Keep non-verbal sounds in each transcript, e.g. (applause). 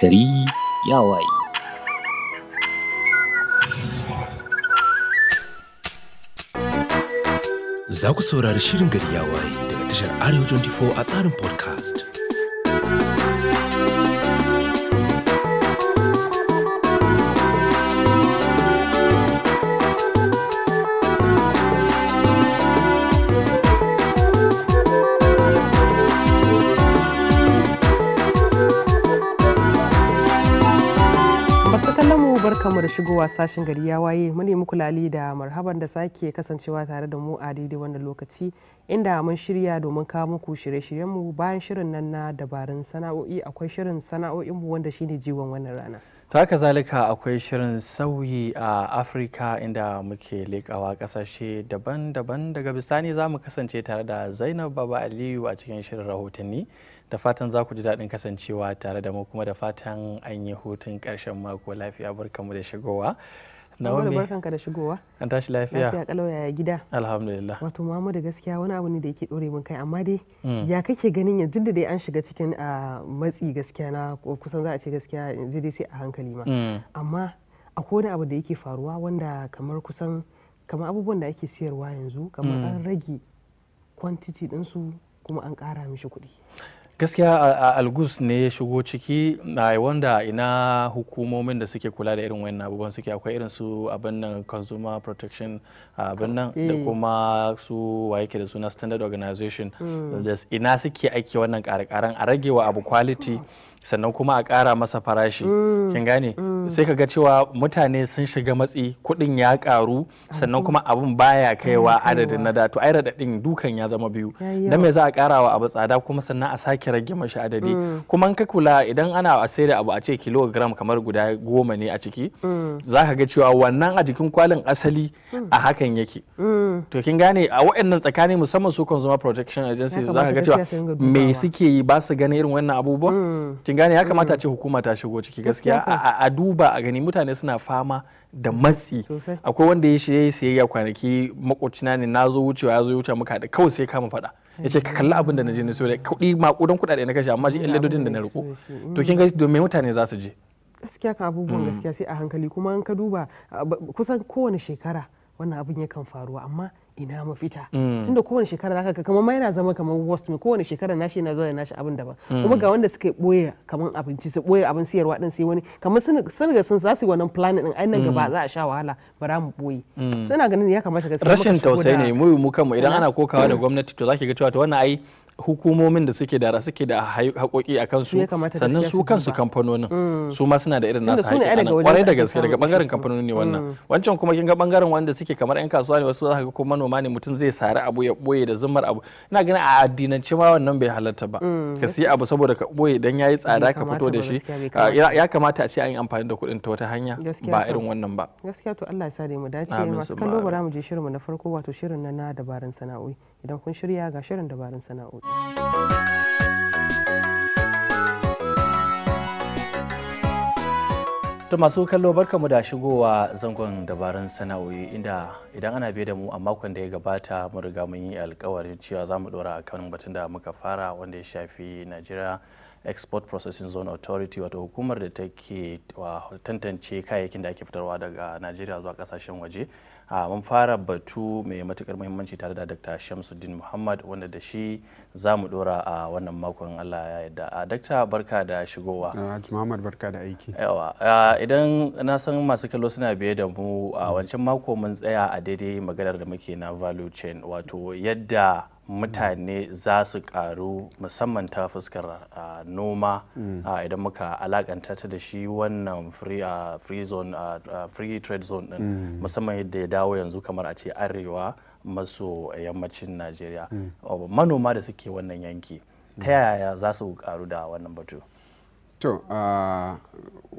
gari ya waye. Za ku saurari shirin gari ya waye daga tashar Arewa 24 a tsarin podcast. barkanmu da shigowa sashen gari ya waye mu muku lali da marhaban da sake kasancewa tare da mu a daidai wannan lokaci inda mun shirya domin kawo muku shirye shiryen mu bayan shirin nan na dabarun sana'o'i akwai shirin sana'o'in sana'o'inmu wanda shine jiwon wannan rana ta haka zalika akwai shirin sauyi a afirka inda muke lekawa kasashe daban-daban daga bisani za mu kasance tare da zainab baba aliyu a cikin shirin rahotanni da fatan za ku ji daɗin kasancewa tare da mu kuma da fatan an yi hutun ƙarshen mako lafiya mu da shigowa Naomi barkanka da shigowa an tashi lafiya lafiya kalau yaya gida alhamdulillah wato mamu da gaskiya wani abu ne da yake dore min kai amma dai hmm. ya kake ganin yanzu da dai an shiga cikin ah, matsi gaskiya na kusan za a ce gaskiya yanzu dai sai a hankali ma hmm. amma akwai wani abu da yake faruwa wanda kamar kusan kamar abubuwan da ake siyarwa yanzu kamar hmm. an rage kwantiti ɗinsu kuma an ƙara mishi kuɗi gaskiya algus ne ya shigo ciki wanda ina hukumomin da suke kula da irin wayan abubuwan suke akwai irin su abin nan consumer protection abin da kuma su waye ke da suna standard organization hmm. ina suke aiki wannan kare a rage wa abu quality sannan kuma a ƙara masa farashi mm. kin gane mm. sai ka ga cewa mutane sun shiga matsi kuɗin ya ƙaru sannan kuma abin baya kaiwa adadin na da to ai raɗaɗin dukan ya zama biyu na me za a ƙara wa abu tsada kuma sannan a sake rage mashi adadi mm. kuma ka kula idan ana a sai da abu a ce kilogram kamar guda goma ne a ciki za ka ga cewa wannan a jikin kwalin asali a hakan yake to kin gane a waɗannan tsakani musamman su consumer protection agency za ka ga cewa me suke yi ba su gane irin wannan abubuwa. kin gane ya kamata ce hukuma ta shigo ciki gaskiya a duba a gani mutane suna fama da matsi akwai wanda ya shirye sayayya kwanaki makocina ne na zo wucewa ya zo wuce muka da kawai sai kama faɗa ya ce ka kalli abin da na je na so da kuɗi makudan kuɗaɗe na kashe amma ji ledodin da na riko mm. to kin gani domin mutane za su je gaskiya ka abubuwan mm. gaskiya sai a hankali kuma an ka duba kusan kowane shekara wannan abin yakan faruwa amma ina mafita mm. tunda kowane shekara zaka ga kamar ma yana zama kamar worst mai kowane shekara nashi yana zuwa nashi abin daban mm. kuma ga wanda suka boye kamar abinci su boye abin siyarwa din sai wani kamar sun ga sun zasu yi wannan planning din ai nan gaba mm. za a sha wahala ba mu boye suna ganin ya kamata gaskiya rashin tausayi ne mu mu kanmu idan ana kokawa da (coughs) gwamnati to zaki ga cewa to wannan ai hukumomin da suke da suke da haƙoƙi a kansu sannan su kansu kamfanonin mm. su ma suna da irin nasu haƙoƙi nan kwarai da gaske daga bangaren kamfanonin ne wannan mm. wancan kuma kin ga bangaren wanda suke kamar yan kasuwa ne wasu za ga ko manoma ne mutum zai sare abu ya boye da zumar abu ina ganin a addinance ma wannan bai halatta ba mm, ka siya abu saboda ka boye dan yayi tsada ka fito da shi ya kamata a ce an yi amfani da kuɗin ta wata hanya ba irin wannan ba gaskiya to Allah ya sa mu dace masu kallo bara mu je shirin mu na farko wato shirin na dabarun sana'o'i idan kun shirya ga shirin dabarun sana'o'i. ta masu kallo barka mu da shigowa zangon dabarun sana'o'i inda idan ana biya da mu a makon da ya gabata mun riga mun yi alkawarin cewa za mu dora kan batun da muka fara wanda ya shafi Najeriya export processing zone authority wato hukumar da take tantance kayayyakin da ake fitarwa daga najeriya zuwa kasashen waje ah, mun fara batu mai matukar muhimmanci tare da dr shamsuddin muhammad wanda da shi za mu dora a wannan makon allah ya yadda ah, dakta barka da shigowa ah, muhammad barka da aiki idan na san masu kallo suna biye da mu a mm. wancan mako mun tsaya a daidai maganar da muke na value chain wato yadda mutane za su karu musamman ta fuskar noma mm. idan muka alakanta ta da shi wannan free trade zone din mm. musamman yadda ya dawo yanzu kamar a ce arewa maso yammacin najeriya mm. manoma da suke wannan yanki ta yaya za su karu da wannan batu to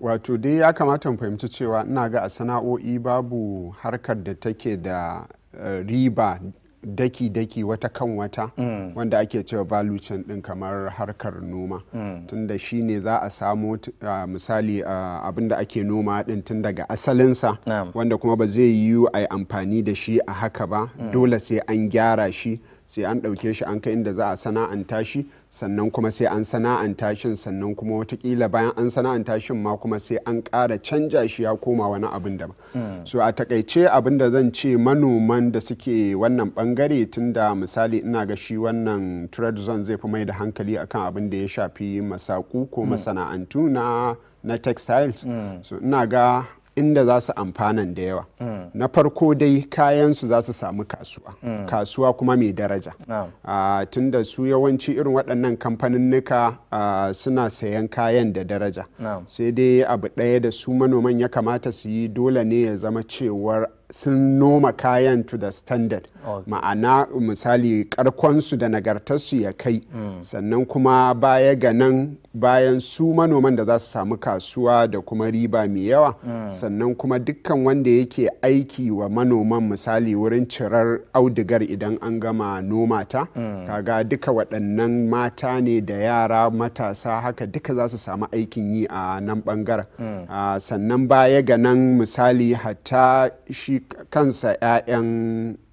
wato dai ya kamata mu fahimci cewa ina ga a sana'o'i babu harkar da take da eh, riba daki-daki wata kan wata mm. wanda ake cewa value din kamar harkar noma mm. tunda shi ne za a samo uh, misali uh, ake noma din tun daga asalinsa wanda kuma ba zai yiwu a yi amfani da shi a haka ba mm. dole sai an gyara shi sai an ɗauke shi an kai inda za a sana'anta shi sannan kuma sai an sana'anta shi sannan kuma watakila bayan an sana'anta shi ma kuma sai an ƙara canja shi ya koma wani abin da ba. Hmm. so a takaice abin da zan ce manoman da suke wannan bangare tun da misali ina ga shi wannan trade zai fi mai da hankali akan abin da ya shafi masaku ko hmm. masana'antu na na textiles hmm. so ina ga inda za su amfanan da yawa na farko dai kayansu za su samu kasuwa kasuwa kuma mai daraja no. Ah, tunda su yawanci irin waɗannan kamfaninnika uh, suna sayan kayan da daraja sai dai abu ɗaya da su manoman ya kamata su yi dole ne ya zama cewar sun noma kayan to the standard ma'ana misali karkonsu da nagartarsu ya kai mm. sannan kuma baya ga nan bayan su manoman da za su samu kasuwa da kuma riba mai yawa mm. sannan kuma dukkan wanda yake aiki wa manoman misali wurin cirar audigar idan an gama noma ta mm. kaga duka waɗannan mata ne da yara matasa haka duka za su samu aikin yi a nan ɓangaren ah, sannan baya ga nan misali hatta shi shi kansa 'ya'yan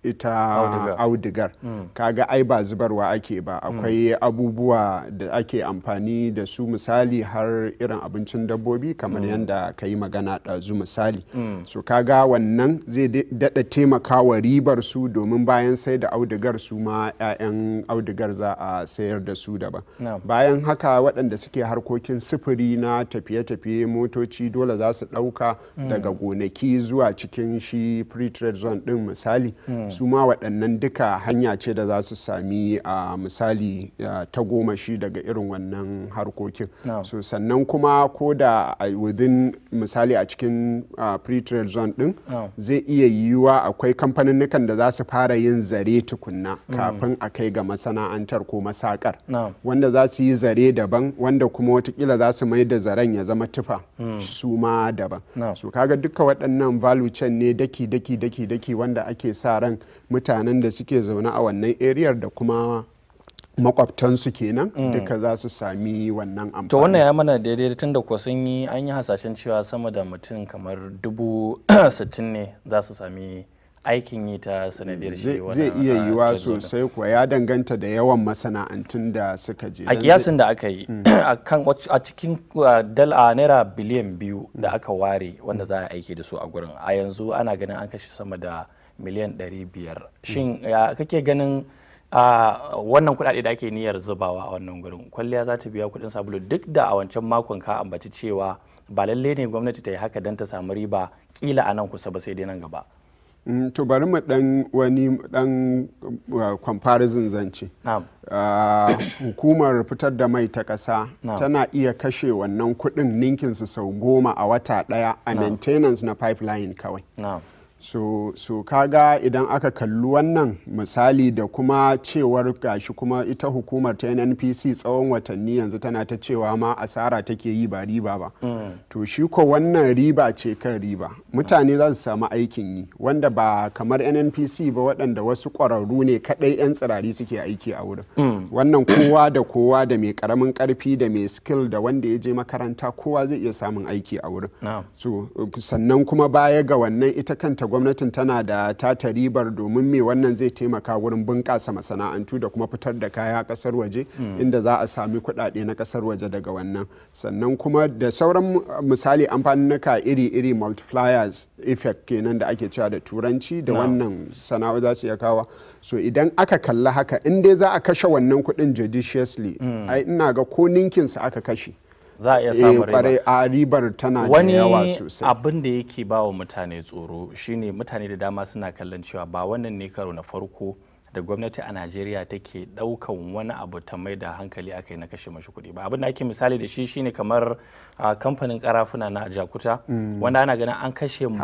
ita audigar ka hmm. kaga ai ba zubarwa ake ba hmm. akwai abubuwa da ake amfani da su misali har irin abincin dabbobi kamar hmm. yadda ka yi magana ɗazu misali so kaga wannan zai daɗa taimakawa ribar su domin bayan sai da audigar su ma 'ya'yan audigar za a sayar da su daban bayan haka waɗanda suke harkokin sufuri na tafiye-tafiye motoci dole za su ɗauka daga gonaki zuwa cikin shi free trade zone ɗin misali su ma waɗannan duka hanya ce da za su sami a misali ta goma shi daga irin wannan harkokin so sannan kuma ko da within misali a cikin pre-trade zone din zai iya yiwuwa akwai kamfaninnukan da za su fara yin zare tukunna mm. kafin a kai ga masana'antar ko masakar wanda za su yi zare daban wanda kuma watakila za su mai da zaren ya zama tufa mm. su ma daban so kaga duka waɗannan value chain ne daki daki daki daki wanda ake sa ran mutanen da suke zaune a wannan ariyar da kuma makwabtansu kenan mm. duka za su sami wannan amfani. To wannan ya mana daidai tun da kuwa sun yi an yi hasashen cewa sama da mutum kamar dubu (clears throat) sittin ne za su sami aikin yi ta sanadiyar shi zai iya ah, yiwa sosai kuwa ya danganta da yawan masana'antun da suka je a kiyasin da aka yi hmm. (clears throat) a cikin uh, dala naira biliyan biyu da hmm. aka ware wanda za a aiki da su a gurin a yanzu ana ganin an kashe sama da miliyan biyar hmm. shin kake ganin a wannan kudade da ake niyyar zubawa a wannan gurin kwalliya za ta biya kuɗin sabulu duk da a wancan makon ka ambaci cewa ba lalle ne gwamnati ta yi haka don ta samu riba kila a nan kusa ba sai dai nan gaba Mm, to bari mu dan wani dan uh, comparison zance ah, hukumar fitar da mai ta kasa tana iya kashe wannan kuɗin ninkinsu sau goma a wata daya a maintenance na pipeline kawai so, so kaga idan aka kalli wannan misali da kuma cewar gashi kuma ita hukumar ta nnpc tsawon watanni yanzu tana ta cewa ma asara take yi ba riba ba mm. to shi ko wannan riba ce kan riba mutane za su samu aikin yi wanda ba kamar nnpc ba waɗanda wasu ƙwararru ne kaɗai 'yan tsirari suke aiki a wurin mm. wannan kowa da kowa da mai karamin karfi da mai skill da wanda ya je makaranta kowa zai iya samun aiki a wurin sannan kuma baya ga wannan ita kanta gwamnatin tana da tata ribar domin me wannan zai taimaka wurin bunƙasa masana'antu da kuma fitar da kaya ƙasar waje hmm. inda za a sami kuɗaɗe na ƙasar waje daga wannan sannan kuma da sauran misali ka iri-iri multipliers effect kenan da ake cewa da turanci da wannan sana'o za su iya kawa so idan aka kalla haka in dai za a kashe wannan kuɗin judiciously hmm. ai ina ga ko ninkinsa aka kashe za a iya eh, samun riba a ribar tana da yawa sosai abin da yake ba wa mutane tsoro shine mutane da dama suna kallon cewa ba wannan ne karo na farko da gwamnati a najeriya take daukan wani abu ta mai da hankali aka yi na kashe mashi kuɗi ba abin da ake misali da shi shine kamar ah, kamfanin karafuna na jakuta mm. wanda ana ganin an kashe an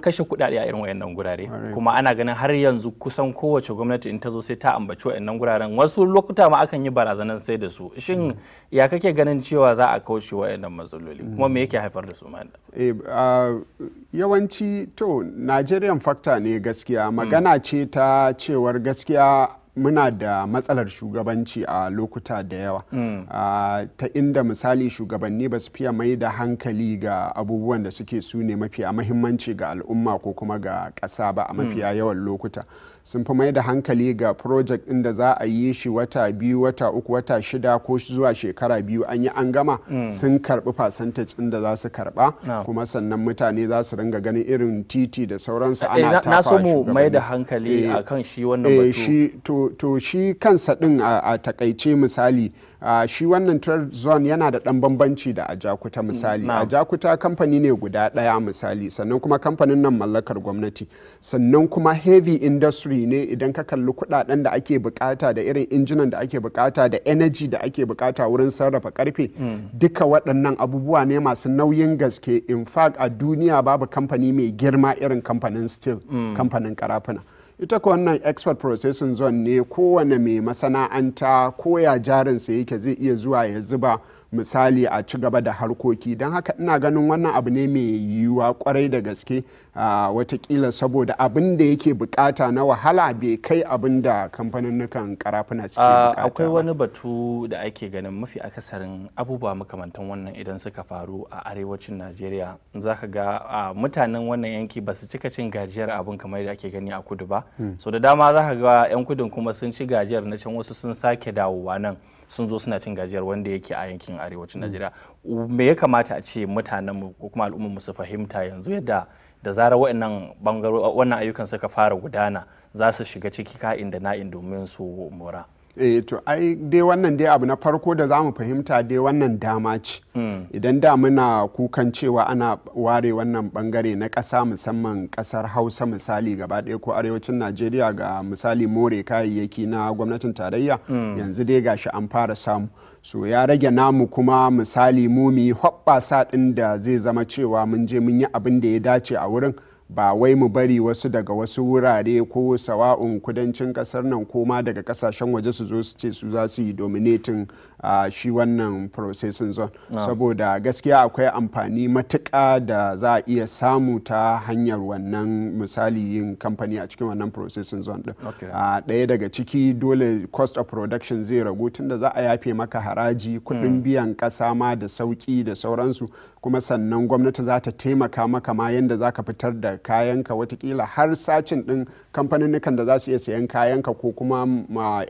kashe kuɗaɗe a irin wayannan gurare kuma ana ganin har yanzu kusan kowace gwamnati in ta zo sai ta ambaci wayannan guraren wasu lokuta ma akan yi barazanan sai da su shin mm. ya kake ganin cewa za a kaushe wayannan matsaloli kuma me mm. yake haifar da su ma eh yawanci to nigerian factor ne gaskiya hmm. magana ce ta cewar gaskiya muna da matsalar shugabanci a lokuta da yawa mm. ta inda misali shugabanni ba su fiye mai da hankali ga abubuwan da suke su ne mafiya mahimmanci ga al'umma ko kuma ga ƙasa ba a mafiya hmm. yawan lokuta sun fi mai da hankali ga project ɗin da za a yi shi wata biyu wata uku wata shida ko zuwa shekara biyu an yi an gama hmm. sun karbi percentage ɗin da za su karba kuma sannan mutane za su ringa ganin irin titi da sauransu eh, ana tafa na so mu mai da hankali eh. akan shi wannan batu eh, to shi kansa ɗin a takaice misali Uh, shi wannan trade zone yana da ɗan bambanci da ajakuta misali a ajakuta kamfani ne guda ɗaya misali sannan kuma kamfanin nan mallakar gwamnati sannan kuma heavy industry ne idan ka kalli kuɗaɗen da ake bukata da irin injinan da ake bukata da energy da ake bukata wurin sarrafa karfe mm. duka waɗannan abubuwa ne masu nauyin gaske in fact a duniya babu kamfani mai girma irin kamfanin steel mm. kamfanin karafuna ita ko wannan export processing zone ne kowane mai masana'anta ko ya jarinsa yake zai iya zuwa ya zuba misali a ci gaba da harkoki don haka ina ganin wannan abu ne mai yiwuwa kwarai da gaske watakila saboda abin da yake bukata na wahala bai kai abin da kamfanin karafuna suke bukata akwai wani batu da ake ganin mafi akasarin abubuwa makamantan wannan idan suka faru a arewacin najeriya za ka ga mutanen wannan yanki ba su cika cin gajiyar abin kamar da ake gani a kudu ba hmm. so da dama za ka ga 'yan kudin kuma sun ci gajiyar na can wasu sun sake dawowa nan sun zo suna cin gajiyar wanda yake a yankin arewacin mm. najeriya me ya kamata a ce mutanen mu ko kuma al'umma mu su fahimta yanzu yadda da zarar wa'annan wannan ayyukan suka fara gudana za su shiga ciki ka'in da na'in domin su mora eh to ai dai wannan dai abu na farko da zamu fahimta dai wannan dama ce hmm. idan da muna kukan cewa ana ware wannan bangare na ƙasa musamman ƙasar hausa misali gaba ɗaya ko arewacin najeriya ga misali more kayayyaki na gwamnatin tarayya hmm. yanzu dai gashi an fara samu so ya rage namu kuma misali mu mu yi ɗin da zai zama cewa mun je mun yi abin da ya dace a wurin ba wai mu bari wasu daga wasu wurare ko sawa'un kudancin kasar nan koma daga kasashen waje su zo su ce su za su yi dominatin a shi wannan processing zone ah. saboda gaskiya akwai amfani matuƙa da za a iya samu ta hanyar wannan misali yin kamfani a cikin wannan processing zone din ɗaya daga ciki dole cost of production zai ragu tunda za a yafe maka haraji kuɗin hmm. biyan ƙasa ma da sauƙi da sauransu kuma sannan gwamnati za ta taimaka maka ma yadda za ka fitar da kayanka watakila har sacin ɗin kamfanin da za su iya sayan kayanka ko kuma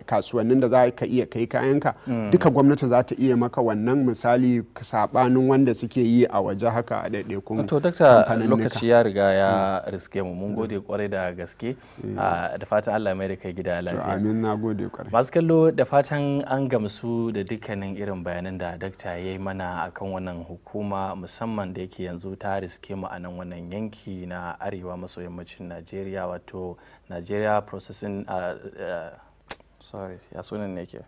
kasuwannin da za ka iya kai kayanka hmm. duka gwamnati za ta iya maka wannan misali sabanin wanda suke yi a waje haka a ɗaiɗaikun to dakta lokaci ya riga ya mm. riske mu mun mm. gode kwarai da gaske mm. ah, da fatan Allah mai kai gida lafiya amin na gode kwarai masu kallo da fatan an gamsu da dukkanin irin bayanan da dakta ya yi mana akan wannan hukuma musamman da yake yanzu ta riske mu a nan wannan yanki na arewa maso yammacin Najeriya wato Nigeria processing ah, ah, sorry ya sunan ne ke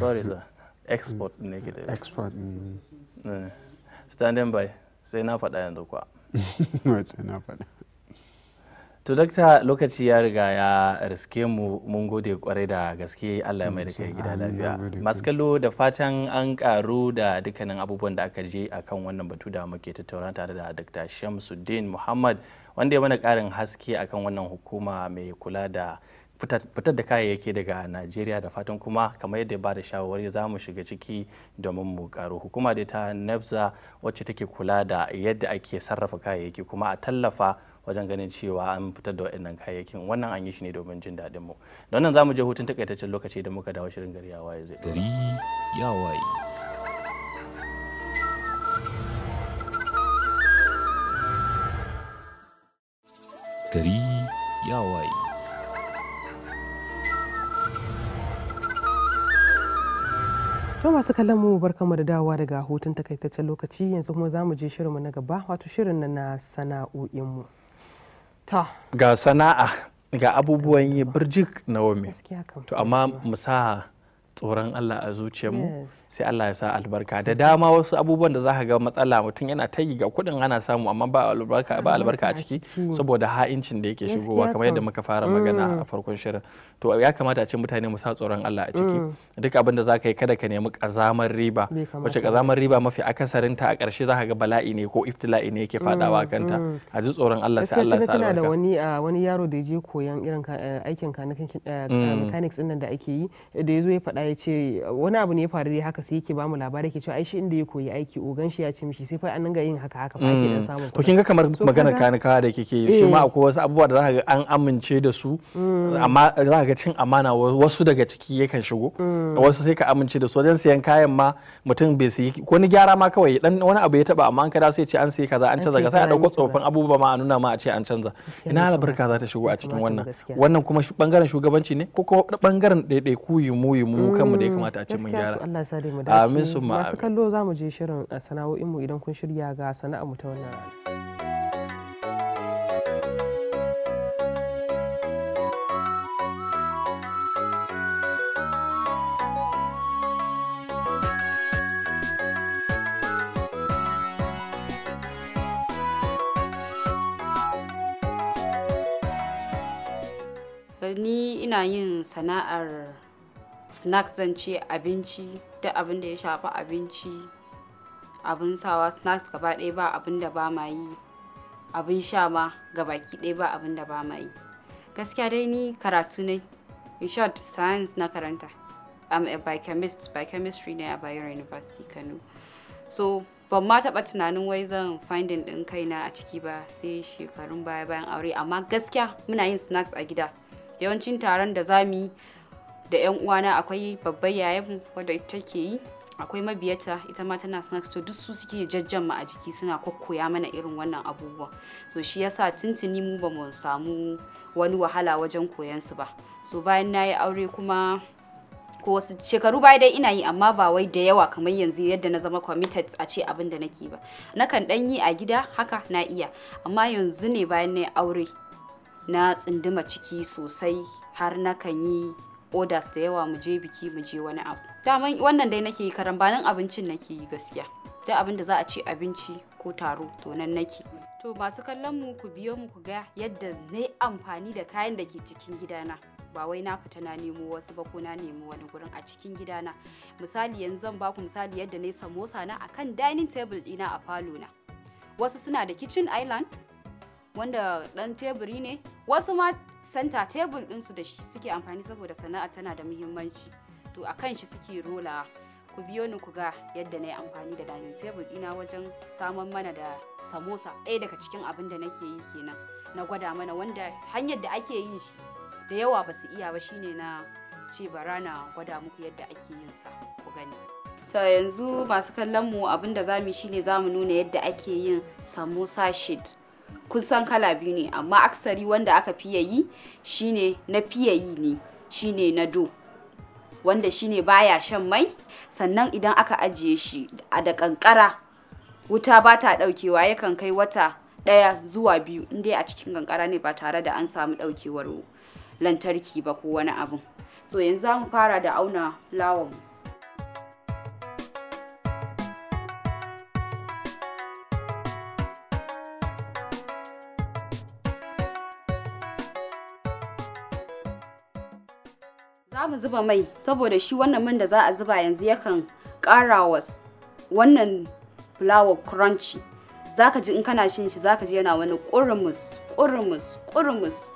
sorry sir export mm. ne ke da export mm. eh, standing by sai na faɗa yanzu kuwa (laughs) sai na faɗa to dakta lokaci ya riga ya riske mu mun gode kwarai da gaske allah ya mai da kai gida lafiya masu da fatan an karu da dukkanin abubuwan da aka je akan wannan batu da muke tattauna tare da dakta shamsuddin muhammad wanda ya mana karin haske akan wannan hukuma mai kula da fitar da kayayyaki daga najeriya da fatan kuma kamar yadda ba da shawarwari za mu shiga ciki domin mu karo hukuma da ta nafza e wacce take kula da yadda ake sarrafa kayayyaki kuma a tallafa wajen ganin cewa an fitar da waɗannan kayayyakin wannan an yi shi ne domin jin daɗin mu don nan za mu je hutun takaitaccen lokaci da muka dawo shirin gari ya waye zai gari ya waye gari To masu kallon mu kama da dawowa daga hutun takaitaccen lokaci yanzu kuma za mu je mu na gaba wato shirin na na sana'o'inmu. Ta. Ga sana'a ga abubuwan yi birjik na wame. To amma mu sa tsoron Allah a zuciyarmu. sai Allah ya sa albarka da dama wasu abubuwan da zaka ga matsala mutum yana ta ga kuɗin ana samu amma ba albarka a ciki saboda ha'incin da yake shigowa kamar yadda muka fara magana mm. a farkon shirin to ya kamata a ce mutane mu sa tsoron Allah a ciki mm. duk abin da zaka yi kada ka nemi kazamar riba wacce kazamar riba mafi akasarin ta a ƙarshe zaka ga bala'i ne ko iftila'i ne yake fadawa mm, kanta a ji tsoron Allah sai Allah ya sa albarka da ah, wani yaro da je koyan irin eh, aikin eh, mechanics din da ake yi da yazo ya fada ya ce wani abu ne ya faru dai haka sai yake bamu labari yake cewa ai shi inda ya koyi aiki ogan shi ya ce mishi sai fa an ga yin haka haka fa ke dan mm. samu to kin ga kamar maganar kanikawa da kike shi ma eh. akwai wasu abubuwa da zaka ga an amince da su mm. amma zaka ga cin amana wasu daga ciki yakan shigo mm. wasu sai ka amince da su wajen sayan kayan ma mutum bai sayi ko ni gyara ma kawai dan wani abu ya taba amma an kada sai ce an sayi kaza an canza kaza sai a dauko tsofaffin abubuwa ma a nuna ma a ce an canza ina albarka za ta shigo a cikin wannan wannan kuma bangaren shugabanci ne ko kuma bangaren ɗaiɗaiku yimu yimu kanmu da ya kamata a ce mun gyara mu dace masu kallo za je shirin a sana'o'in mu idan kun shirya ga sana'a mu ta wannan ni ina yin sana'ar snacks zan ce abinci duk abin da ya shafi abinci abin sawa snacks gaba ɗaya ba abin da ba ma yi abin sha ma baki ɗaya ba abin da ba ma yi gaskiya dai ni karatu ne in short science na karanta i'm a biochemist biochemistry ne a bayero university kano so ban ma taɓa tunanin wai zan findin ɗin na a ciki ba sai shekarun baya bayan aure amma gaskiya muna yin snacks a gida yawancin taron da za mu yi da yan uwana akwai babbar yayan wadda ke yi akwai mabiyata ita ma tana snacks to duk su suke jajjama a jiki suna kokkoya mana irin wannan abubuwa so shi yasa tuntuni mu ba mu samu wani wahala wajen koyan su ba so bayan na yi aure kuma ko wasu shekaru baya dai ina yi amma ba wai da yawa kamar yanzu yadda na zama committed a ce abin da nake ba nakan dan yi a gida haka na iya amma yanzu ne bayan na yi aure na tsinduma ciki sosai har nakan yi orders da yawa mu je biki mu je wani abu daman wannan dai nake yi karambanin abincin nake yi gaskiya duk abin da za a ce abinci ko taro to nan nake to masu kallon mu ku biyo mu ku ga yadda na yi amfani da kayan da ke cikin gidana ba wai na fita na nemo wasu ba ko na nemo wani gurin a cikin gidana misali yanzu zan baku misali yadda na yi samosa na akan dining table dina a falo na wasu suna da kitchen island wanda dan teburi ne wasu ma santa tebur ɗinsu da suke amfani saboda sana'a tana da muhimmanci to a kan shi suke rola ku biyo ni ku ga yadda na yi amfani da dining table ina wajen samun mana da samosa ɗaya daga cikin abin da nake yi kenan na gwada mana wanda hanyar da ake yin shi da yawa ba su iya ba shine na ce bara na gwada muku yadda ake yin sa ku gani ta yanzu masu kallon mu abin da zamu shine mu nuna yadda ake yin samosa shit kusan kala biyu ne amma aksari wanda aka fiye yi shine na fiye yi ne shine na do wanda shine baya shan mai sannan idan aka ajiye shi a da kankara wuta ba ta daukewa yakan kai wata daya zuwa biyu inda a cikin kankara ne ba tare da an samu daukewar lantarki ba ko wani abu so yanzu za mu fara da auna lawan Za mu zuba mai saboda shi wannan man da za a zuba yanzu yakan kara wa wannan fulawa crunchy. Za ka ji in kana shin shi za ka ji yana wani ƙurumus, ƙurumus, ƙurumus.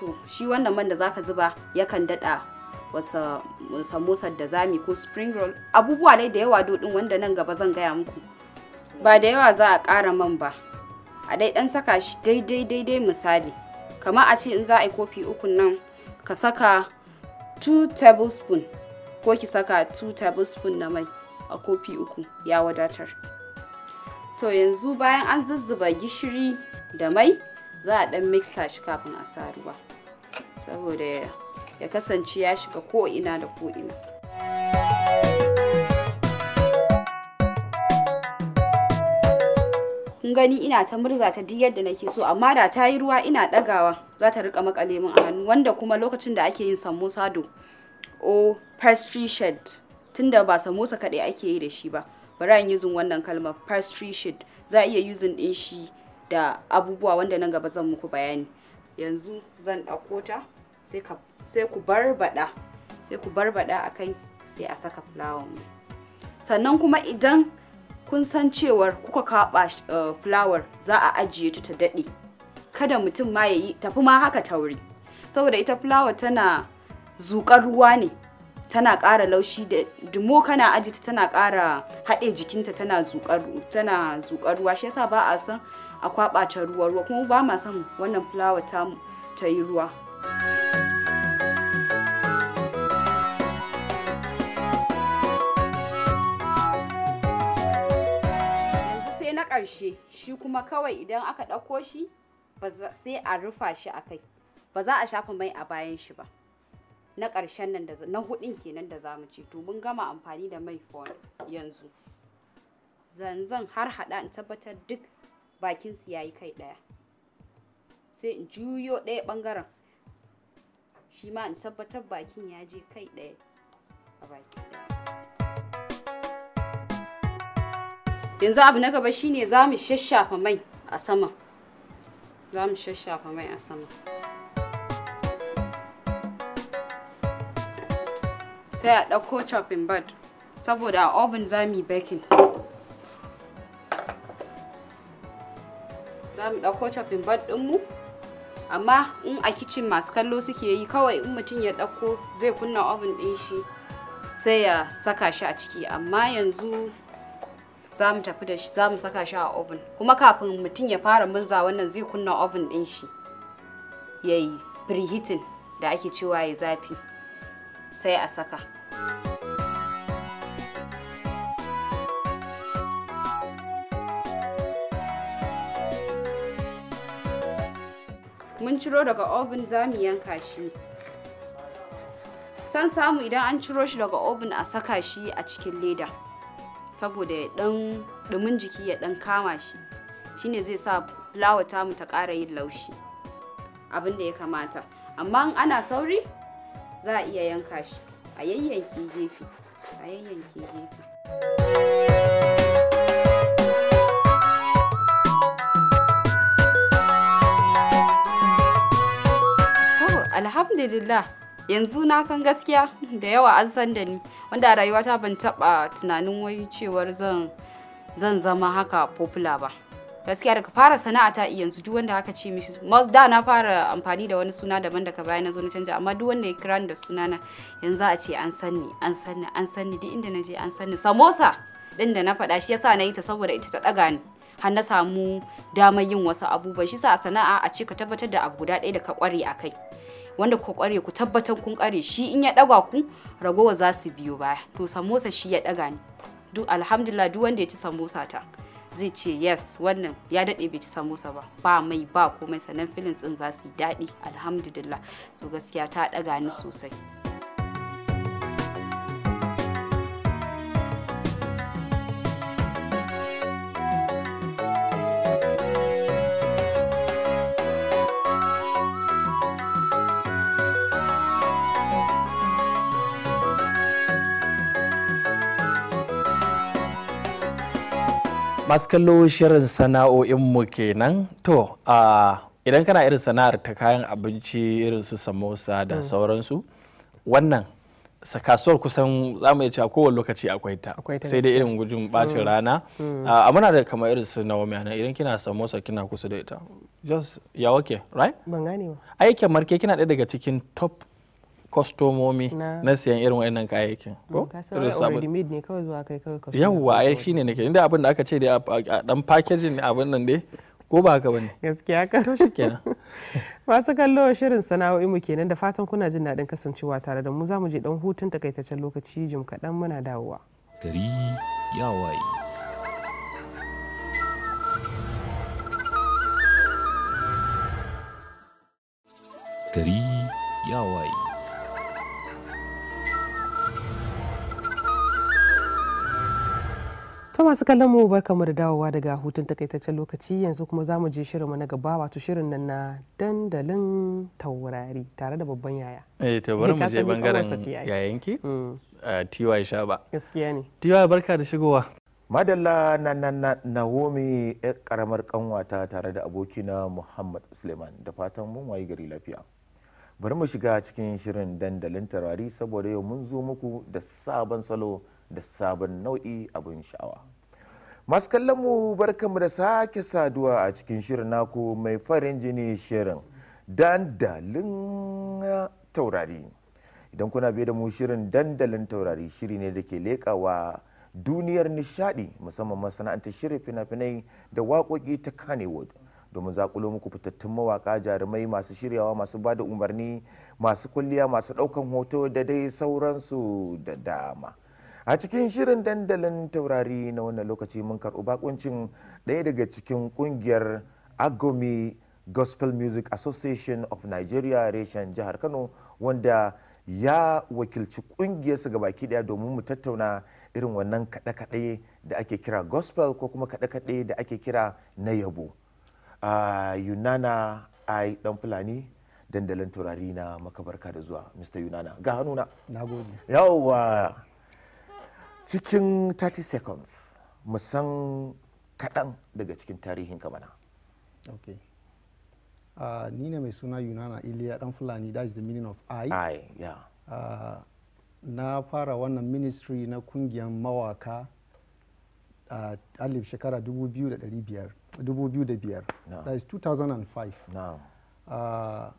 To shi wannan man da za ka zuba yakan daɗa wasa samosar da zami ko spring roll abubuwa dai da yawa doɗin wanda nan gaba zan gaya muku ba da yawa za a ƙara man ba a dai ɗan saka shi daidai daidai misali kamar a ce in za a yi kofi ukun nan ka saka 2 tablespoon ko ki saka 2 tablespoon na mai a kofi uku ya wadatar to yanzu bayan an zuzzuba gishiri da mai za a dan mixa shi kafin a sa ruwa saboda ya kasance ya shiga ko ina da ko ina kun gani ina ta murza ta duk yadda nake so amma da ta yi ruwa ina dagawa za ta rika makale min a hannu wanda kuma lokacin da ake yin samosa do o oh, pastry shed tunda ba samosa kaɗai ake yi da shi ba bari an yuzin wannan kalmar pastry shed za a iya yuzin din shi da abubuwa wanda nan gaba zan muku bayani yanzu zan ɗauko ta sai ku barbada sai ku barbada akai sai a saka fulawan sannan kuma idan kun san cewar kuka kaɓa eh, flower za a ajiye ta ta daɗe kada mutum ma ya yi tafi ma haka tauri saboda ita fulawa tana zuƙar ruwa ne tana ƙara laushi da dumo kana aji tana ƙara haɗe jikinta tana zuƙar tana zuƙar ruwa shi yasa ba a san a kwaɓa ta ruwa ruwa kuma ba ma son wannan fulawa ta ta yi ruwa ƙarshe shi kuma kawai idan aka ɗauko shi sai a rufa shi a kai ba za a shafa mai a bayan shi ba na ƙarshen nan da na hudun kenan da zamu ci to mun gama amfani da mai yanzu zanzan har hada in tabbatar duk bakin su yayi kai ɗaya sai in juyo ɗaya ɓangaren shi ma in tabbatar bakin ya je kai ɗaya a baki ɗaya yanzu abu na gaba shine za mu shashafa mai a sama za mu shashafa mai a sama sai a ɗauko chopping board saboda a oven za mu yi baking za mu ɗauko chopping board ɗinmu amma in a kicin masu kallo suke yi kawai in mutum ya ɗauko zai kunna oven ɗin shi sai ya saka shi a ciki amma yanzu za mu tafi da shi za mu saka shi a oven kuma kafin mutum ya fara murza wannan zai kunna oven din shi ya yi preheating da ake cewa ya zafi sai a saka mun ciro daga oven za mu yanka shi san samu idan an ciro shi daga oven a saka shi a cikin leda saboda ya dan dumin jiki ya dan kama shi shine zai sa fulawa mu ta ƙara yin laushi abin da ya kamata amma ana sauri za a iya yanka shi a yayyanki gefe a yayyanki gefe alhamdulillah yanzu na san gaskiya da yawa an san da ni wanda a rayuwata ban taba tunanin wai cewar zan zan zama haka popular ba gaskiya daga fara sana'a ta yanzu duk wanda aka ce mishi da na fara amfani da wani suna daban daga baya na zo na canja amma duk wanda ya kira ni da suna na yanzu a ce an sanni an sanni an ni duk inda na je an sanni samosa din da na faɗa shi yasa na yi ta saboda ita ta ɗaga ni har na samu damar yin wasu abubuwa shi sa a sana'a a ce ka tabbatar da abu guda ɗaya da ka ƙware a kai wanda ku kware ku tabbatar kun kware shi in ya daga ku ragowa za su biyo baya to samosa shi ya daga ni duk alhamdulillah duk wanda ya ci samosa ta zai ce yes wannan ya dade bai ci samosa ba ba mai ba komai sannan filin tsin za su yi daɗi alhamdulillah so gaskiya ta daga ni sosai. masu kallo shirin sana'o'inmu kenan to idan kana irin sana'ar ta kayan abinci irin su samosa da mm. sauransu wannan kasuwar kusan za mu iya cewa kowane lokaci akwai ta sai dai irin gujin bacin mm. rana mm. a muna da kamar irin su na wamiya idan kina samosa kina kusa da ita just ya wake right ban gane ba ai kamar ke kina ɗaya daga cikin top kwastomomi na siyan irin wayannan kayayyakin ko yawwa ai shine nake inda abin da aka ce da a dan packaging ne abin nan dai ko ba haka bane gaskiya ka to shikenan (laughs) masu kallo shirin sana'o'i mu kenan da fatan kuna jin daɗin kasancewa tare da mu zamu je dan hutun takaitaccen lokaci jim kaɗan muna dawowa gari ya waye gari ya waye ta masu kallon mu barkamu da dawowa daga hutun takaitaccen lokaci yanzu kuma za mu je shirinmu na gaba wato shirin nan na dandalin taurari tare da babban yaya eh to bari mu je bangaren yayanki a mm. sha eh, Shaba gaskiya ne TY barka da shigowa madalla na na na Naomi yar karamar kanwata tare da abokina Muhammad Suleiman da fatan mun wayi gari lafiya bari mu shiga cikin shirin dandalin taurari saboda yau mun zo muku da sabon salo da sabon nau'i abin sha'awa masu kallon mu barkamu da sake saduwa a cikin shirin naku mai farin jini shirin dandalin taurari idan kuna biye da mu shirin dandalin taurari shiri ne da ke leƙawa duniyar nishadi musamman masana'antar shirin fina-finai da waƙoƙi ta kanewood domin zaƙulo muku fitattun mawaƙa jarumai masu shiryawa masu ba da umarni masu kulliya masu ɗaukan hoto da dai sauransu da dama a cikin shirin dandalin taurari na wannan lokaci mun karɓi bakuncin ɗaya daga cikin ƙungiyar agomi gospel music association of nigeria reshen jihar kano wanda ya wakilci ƙungiyarsa ga baki ɗaya domin mu tattauna irin wannan kaɗe-kaɗe da ake kira gospel ko kuma kaɗe-kaɗe da ake kira na yabo yunana ai ɗan fulani dandalin taurari na makabarka da zuwa mr yunana ga hannuna na gode yawwa cikin 30 seconds musan kaɗan daga cikin tarihin kamana okay. uh, ni ne mai suna yunana iliya dan fulani that is the meaning of i, I yeah. Ah, na fara wannan ministry na kungiyar mawaka a uh, alif shekara 2005 that is 2005 ah,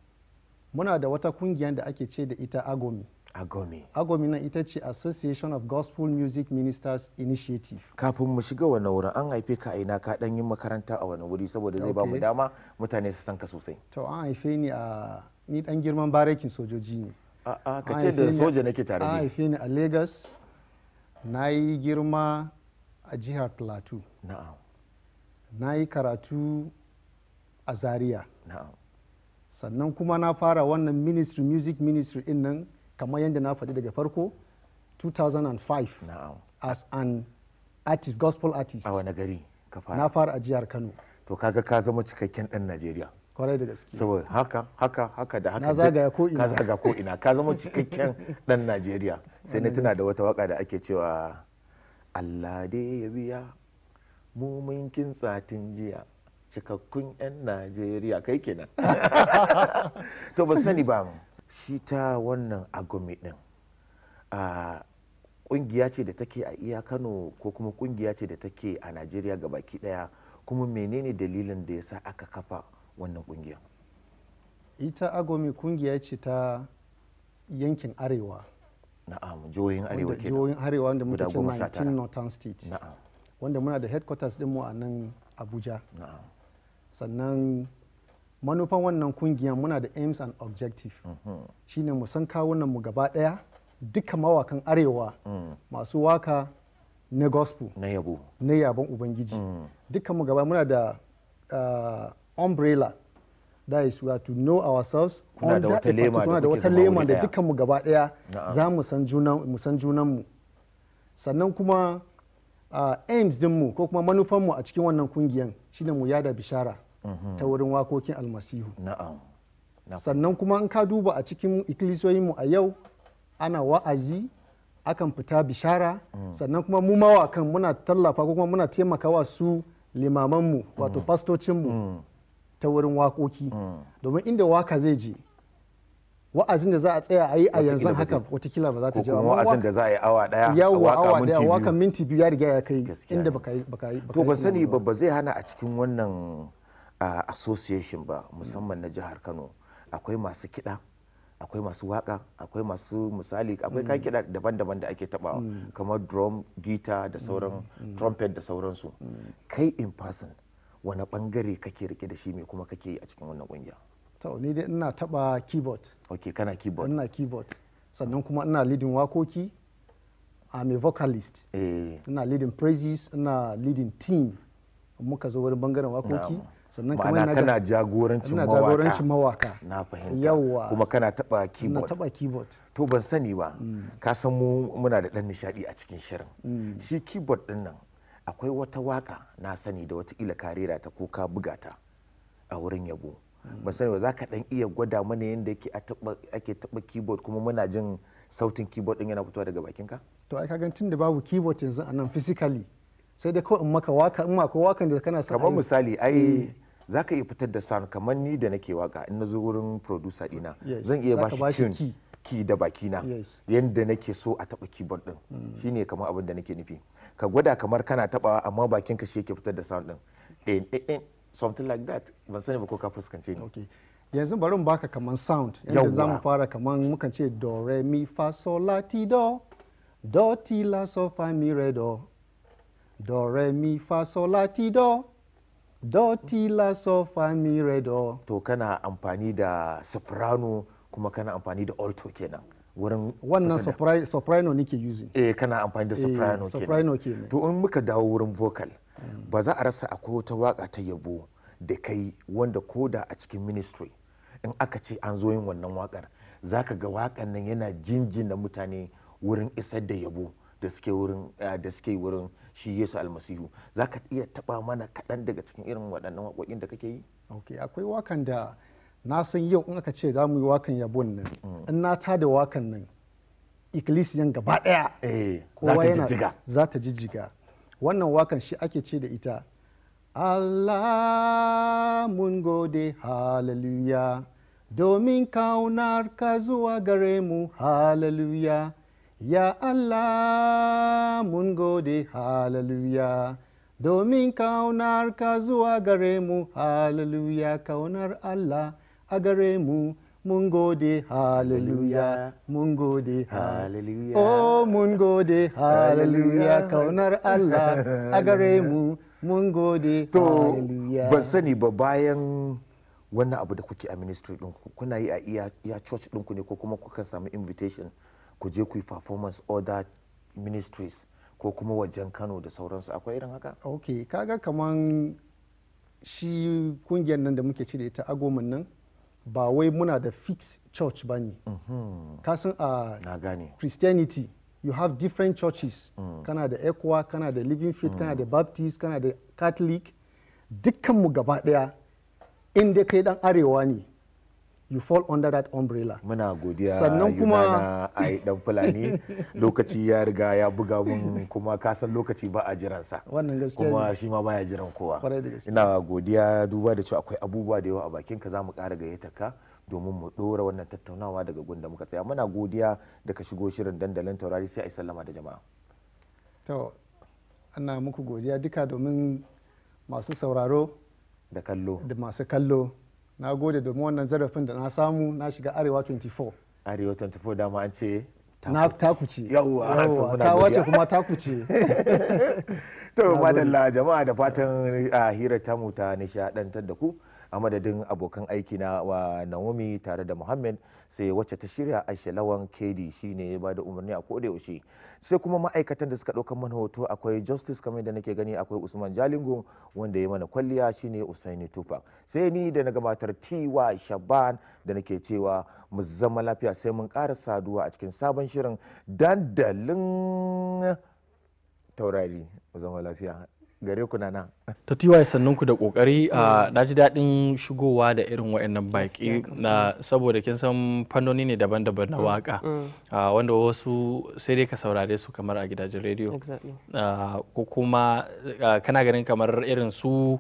muna da wata kungiyar da ake ce da ita agomi agomi agomi na ita ce association of gospel music ministers initiative kafin mu shiga wani wurin an haife ka aina ka dan yin makaranta a wani wuri saboda zai ba mu dama mutane su san ka sosai to an haife ni a ni dan girman barakin sojoji ne a ka ce da soja nake tare an haife ni a lagos na yi girma a jihar plateau na'am na yi karatu a zaria na'am sannan kuma na fara wannan ministry music ministry din nan kamar yadda na faɗi daga farko 2005 no. as an artist gospel artist a wani gari na fara a jihar kano to kaga ka zama cikakken dan najeriya kwarai da gaske saboda haka haka haka da haka na zagaya ko ina ka zaga ko ina ka zama cikakken dan (laughs) najeriya sai na tuna da wata waka da ake cewa allah dai ya biya mu mun tsatin jiya cikakkun yan najeriya kai kenan (laughs) to ba sani ba mu shi ta wannan agumi din a kungiya ce da take a iya kano ko kuma kungiya ce da take a najeriya ga baki daya kuma menene dalilin da ya sa aka kafa wannan kungiya ita agomi kungiya ce ta yankin arewa na'am jihohin arewa kenan jihohin arewa wanda muke ce 19 northern state na'am wanda muna da headquarters din mu a nan abuja na'am sannan manufan wannan kungiyan muna da aims and objective mhm. shine mu san kawunan mu gaba daya duka mawakan arewa mm. masu waka na gospel na yabo na yabon ubangiji mm. duka mu gaba muna da ah, umbrella that is we are to know ourselves kuna da wata lema da wata lema da duka mu gaba daya za mu san junan mu san junan mu sannan kuma ah, aims din mu ko kuma manufan mu a cikin wannan kungiyan shine mu yada bishara Mhm. ta wurin wakokin almasihu sannan kuma in ka duba a cikin mu a yau ana wa'azi akan fita bishara mm. sannan kuma mu mawakan muna tallafa ko kuma muna taimakawa su limamanmu mm. wato fastocinmu mm. ta wurin wakoki domin inda waka zai je wa'azin da za a tsaya a yi a yanzu haka watakila ba za ta jawa wa'azin da za a yi awa daya yawa awa daya waka minti biyu ya riga ya kai inda baka yi to ba sani ba ba zai hana a cikin wannan association ba musamman na jihar kano akwai masu kiɗa akwai masu waka akwai masu misali akwai kan kiɗa daban-daban da ake tabawa mm. kamar drum guitar, da sauran mm, mm. trumpet da sauransu kai in person wani bangare kake rike da shi me kuma kake yi a cikin wannan kungiya to ni dai ina taba keyboard ok kana keyboard ina keyboard sannan kuma ina leading wakoki I'm a vocalist eh. ina leading praises ina leading team muka zo wani bangaren wakoki sannan kuma ina kana jagorancin mawaka jagorancin mawaka na fahimta yawa kuma kana taba keyboard na taba keyboard to ban sani ba mm. ka san mu muna da dan nishadi a cikin shirin mm. shi keyboard din nan akwai wata waka na sani da wata ila karera ta ko ka buga ta a wurin yabo mm. ban sani ba za ka dan iya gwada mana yadda ake taba keyboard kuma muna jin sautin keyboard din yana fitowa daga bakinka to ai kagan tun da babu keyboard yanzu anan physically sai dai kawai in maka waka in ma ko wakan da kana sa kamar misali ai za ka iya fitar da sound kamar ni da nake waka in na zo wurin producer dina zan iya ba shi ki da bakina yadda nake so a taba keyboard ɗin mm. shine kamar abin da nake nufi ka gwada kamar kana tabawa amma bakin ka shi yake fitar da sound in eh, eh, eh, something like that ban sani ba ko ka fuskance ni yanzu bari mu baka kamar sound yanzu za mu fara kamar mukan ce do re mi fa so la ti do do ti la so fa mi re do do re mi fa so la ti do Doti la sofa mi redo. To kana amfani da soprano kuma kana amfani da alto kenan. Wurin wannan soprano, soprano ke using. Eh kana amfani da eh, soprano, soprano kenan. To in muka dawo wurin vocal mm. ba za a rasa akwai wata waka ta yabo da kai wanda koda a cikin ministry in aka ce an zo yin wannan wakar zaka ga wakan nan yana jinjina mutane wurin isar da yabo da suke wurin eh, da suke wurin shi Yesu almasihu za ka iya taba mana kaɗan daga cikin irin waɗannan waƙoƙin da kake yi ok akwai wakan da na san yau in aka ce za mu yi wakan yabon nan mm. in na tada wakan nan ikkilisiyan gaba ɗaya eh, kowa yana za ta jijjiga wannan wakan shi ake ce da ita Allah mun gode hallelujah domin kaunar ka zuwa gare mu hallelujah Ya Allah mun gode hallelujah domin kaunar ka zuwa gare mu hallelujah kaunar Allah a gare mu mun gode hallelujah mun gode hallelujah oh mun gode hallelujah kaunar Allah a gare mu mun gode to ban sani ba bayan wannan abu da kuke a ministry kuna yi a iya church ɗinku ne ko kuma kuka samu invitation ku je ku yi performance order ministries ko kuma wajen kano da sauransu akwai irin haka ok kaga kaman shi kungiyar nan da muke ci da ita agomin nan ba wai muna da fix church ba ne mhm. kasan a ah, christianity you have different churches mm. kana da ecowa kana da living faith kana mm. da baptist kana da catholic dukkanmu gaba daya inda kai dan arewa ne you fall under that umbrella muna godiya sannan kuma yi dan fulani (laughs) lokaci ya riga ya buga mun kuma ka san lokaci ba a jiran sa wannan gaskiya kuma shi ma baya jiran kowa ina godiya duba da cewa akwai abubuwa da yawa a bakin ka zamu ƙara gayyata ka domin mu dora wannan tattaunawa daga gunda muka tsaya muna godiya da ka shigo shirin dandalin taurari sai a yi sallama da jama'a to ana muku godiya duka domin masu sauraro da kallo da masu kallo na gode domin wannan zarafin da na samu na shiga arewa 24 arewa 24 dama an ce na takuce ta wace kuma takuce (laughs) to madalla jama'a da fatan ah, hira tamu ta nishadantar da ku a madadin abokan aiki na wa naomi tare da muhammed sai wacce ta shirya aisha lawan kedi shine ya bada umarni a koda yaushe sai kuma ma'aikatan da suka ɗaukar mana hoto akwai justice kamar da nake gani akwai usman jalingo wanda ya mana kwalliya shine usaini tupac sai ni da na gabatar tiwa shaban da nake cewa mu zama lafiya sai mun ƙara saduwa a cikin sabon shirin dandalin taurari mu zama lafiya gare ku na nan (laughs) ta tiwaye sannan da kokari a na ji daɗin shigowa da irin waɗannan baƙi na saboda kin san fannoni ne daban-daban na mm, waƙa mm. wanda wasu sai dai ka saurare su kamar a gidajen rediyo ko kuma kana ganin kamar irin su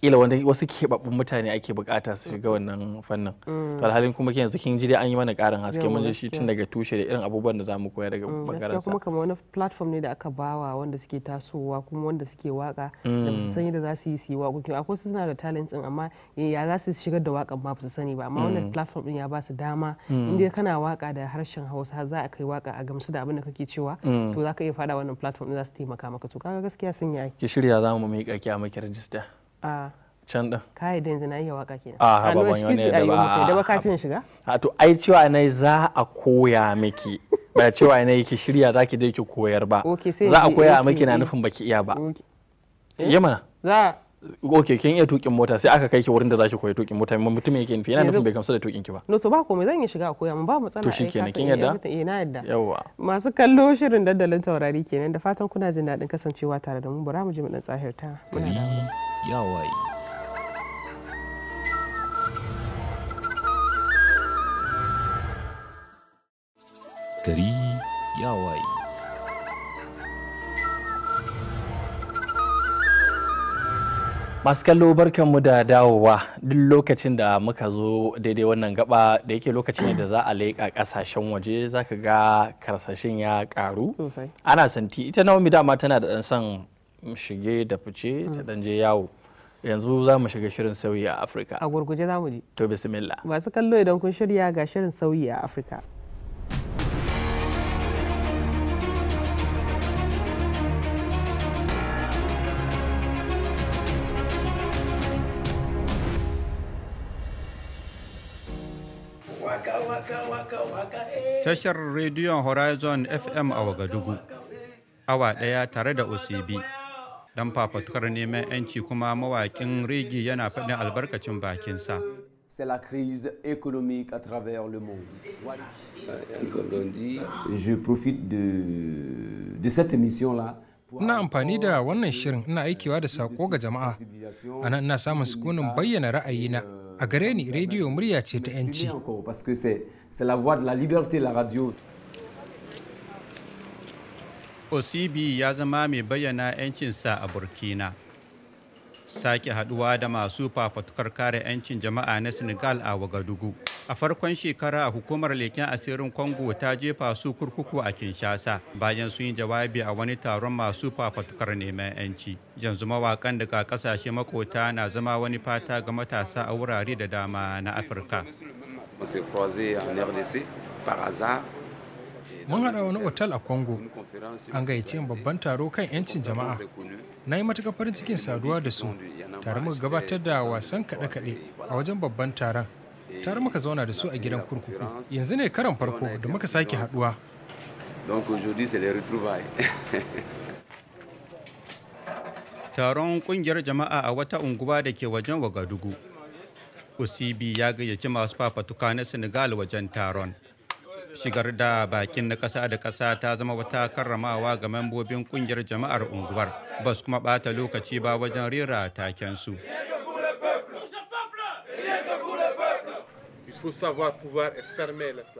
kila wanda wasu keɓaɓɓun mutane ake bukata su shiga wannan fannin to mm. alhalin kuma yanzu kin ji an yi mana karin haske mun ji shi tun daga tushe da irin abubuwan da zamu koya daga bangaren mm, sa kuma kamar wani platform ne da aka bawa wanda suke tasowa kuma wanda suke waka da su san mm. yadda za su yi su yi akwai su suna da talent din amma eh, ya za su shigar da wakan ma su sani ba amma wannan platform din ya ba su dama inda kana waka da harshen Hausa za a kai waka a gamsu da abin da kake cewa to za ka iya fada wannan platform din za su taimaka maka to kaga gaskiya sun yi ki shirya zamu mai miƙa a maki rajista a can din kai da yanzu na iya waka kenan a ha baban wani da ba da ba ka ah, cin shiga a ah, to ai cewa nai za a koya miki ba cewa nai ki shirya zaki dai ki koyar ba za a koya miki na nufin baki iya ba yi mana eh, za ok kin iya tukin mota sai aka kai ki wurin da zaki koyi tukin mota amma mutum yake nufi yana nufin bai gamsu da tukin ki ba no to ba komai zan iya shiga a koya mun ba mu matsala to shikenan eh, kin eh, yadda eh na yadda yawa masu kallo shirin dandalin taurari kenan da fatan kuna jin daɗin kasancewa tare da mu bara mu ji mu dan tsahirta muna dawo yawai gari masu kallo barkanmu da dawowa duk lokacin da muka zo daidai wannan gaba da yake lokacin da za a leƙa ƙasashen waje za ka ga karsashin ya ƙaru ana santi ita naomi dama tana da ɗan san shige da fice ta hmm. dan je yawo yanzu za mu shiga shirin sauyi a afirka a gurguje za mu je to bismillah masu kallo idan kun shirya ga shirin sauyi a afirka Tashar rediyon Horizon FM a Wagadugu, awa ɗaya tare da OCB. dan fafatukar neman 'yanci kuma mawakin rigi yana faɗin albarkacin bakinsa c'est la crise économique à travers le monde. Je profite de, de cette émission-là. Ina amfani da wannan shirin ina aikewa da sako ga jama'a, a nan ina samun sukunin bayyana ra'ayina euh, a gare ni rediyo murya ce ta 'yanci. osibi ya zama mai bayyana 'yancinsa a burkina sake haduwa da masu fafatukar kare 'yancin jama'a na senegal a wagadugu a farkon shekara hukumar leken asirin congo ta jefa su kurkuku a kinshasa bayan sun yi jawabi a wani taron masu fafatukar neman 'yanci yanzu mawakan daga kasashe makota na zama wani fata ga matasa a wurare da dama na afirka mun haɗa wani otal a congo an gayyace babban taro kan 'yancin jama'a na yi matuƙar farin cikin saduwa da su tare muka gabatar da wasan kaɗe-kaɗe a wajen babban taron tare muka zauna da su a gidan kurkuku yanzu ne karan farko da muka sake haɗuwa (laughs) taron ƙungiyar jama'a a wata unguwa da ke wajen wagadugu usibi ya gayyaci masu fafatuka na senegal wajen taron shigar da bakin na kasa da kasa ta zama wata karramawa ga membobin kungiyar jama'ar unguwar ba su kuma bata lokaci ba wajen rera takensu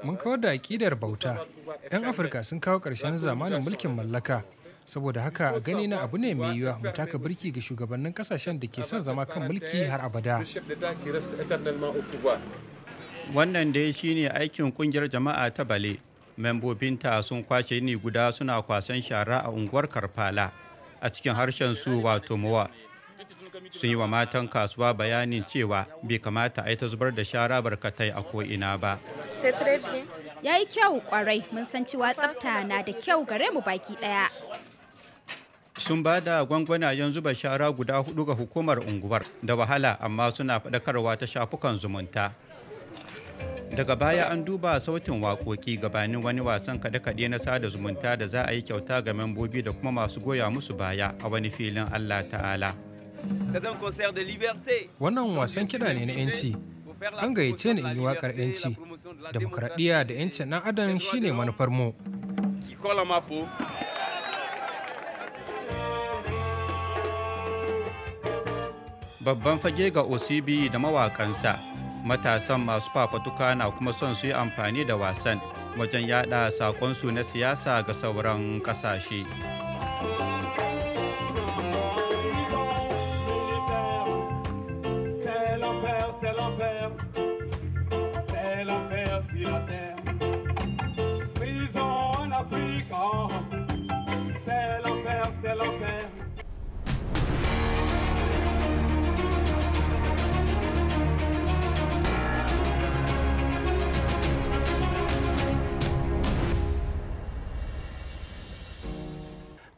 mun kawar da aƙidar bauta 'yan afirka sun kawo ƙarshen zamanin mulkin mallaka saboda haka a gani na abu ne mai yiwuwa mu taka birki ga shugabannin kasashen da ke son zama kan mulki har abada wannan dai shine aikin kungiyar jama'a ta bale membobinta sun kwashe ni guda suna kwasan shara a unguwar karfala a cikin harshen su wato mowa sun yi wa matan kasuwa bayanin cewa bai kamata a yi ta zubar da shara barkatai a ko'ina ba ya yi kyau kwarai mun san cewa tsafta na da kyau gare mu baki daya sun ba da gwangwanayen zuba shara guda hudu ga hukumar unguwar da wahala amma suna faɗakarwa ta shafukan zumunta daga baya an duba sautin waƙoƙi gabanin wani wasan kaɗe-kaɗe na sada zumunta da za a yi kyauta ga membobi da kuma masu goya musu baya a wani filin allah ta'ala wannan wasan kiɗa ne na 'yanci an gayyace ni in yi waƙar 'yanci demokradiyya da 'yancin ɗan adam shine manufar mu babban fage ga ocb da mawakansa matasan masu fafatuka na kuma son su yi amfani da wasan wajen yada sakonsu na siyasa ga sauran kasashe.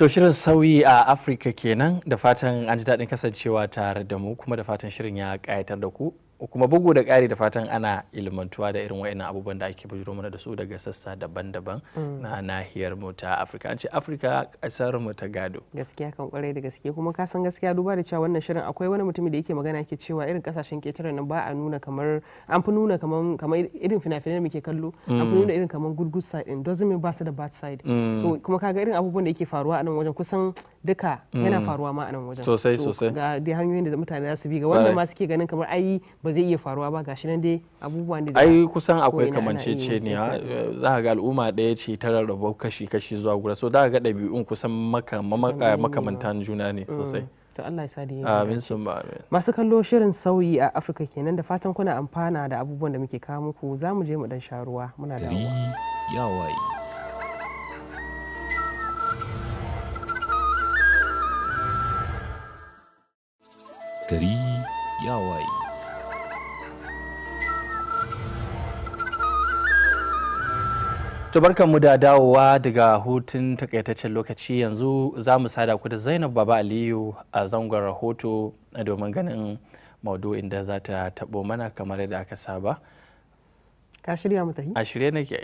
To shirin sauyi a Afirka kenan da fatan an ji daɗin kasancewa tare da mu kuma da fatan shirin ya ƙayatar da ku kuma bugu da ƙari da fatan ana ilmantuwa da irin wa'annan abubuwan da ake bujiro mana da su daga sassa daban-daban mm. na nahiyar mu ta Afirka an ce Afirka ƙasar mu ta gado gaskiya kan ƙwarai da gaske kuma ka san gaskiya duba da cewa wannan shirin akwai wani mutumi da yake magana yake cewa irin ƙasashen ketare nan ba a nuna kamar an fi nuna kamar kamar irin fina-finai da muke kallo an fi mm. nuna irin kamar good good side din doesn't mean ba su da bad side mm. so kuma kaga irin abubuwan da yake faruwa a nan wajen kusan duka yana mm. faruwa ma a nan wajen sosai sosai ga dai hanyoyin da mutane za su bi ga wanda ma suke ganin kamar ai ba zai iya faruwa ba gashi nan dai abubuwan da ai kusan akwai kamanceceniya eh, za ga al'umma ɗaya ce ta rarraba kashi kashi zuwa gura so za ga ɗabi'un kusan makamantan juna ne mm. sosai to Allah ya sadi amin sun amin masu kallo shirin sauyi a Afirka kenan da fatan kuna amfana da abubuwan da muke kawo muku za mu je mu dan sharuwa muna da ya waye gari ya waye tubarkan mu da dawowa daga hutun takaitaccen lokaci yanzu za mu sada ku da zainab baba aliyu a zangon rahoto domin ganin maudu'in da za ta tabo mana kamar yadda aka saba ka shirya mu tafi a shirye nake